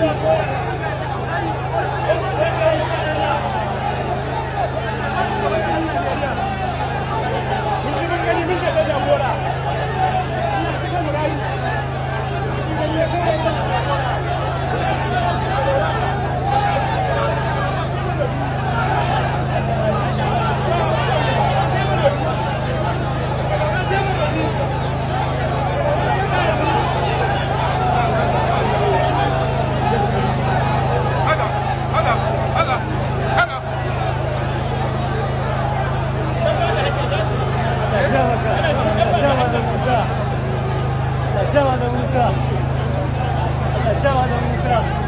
Thank you. d i a ł a do m i u s r a d i a ł a do m i u s r a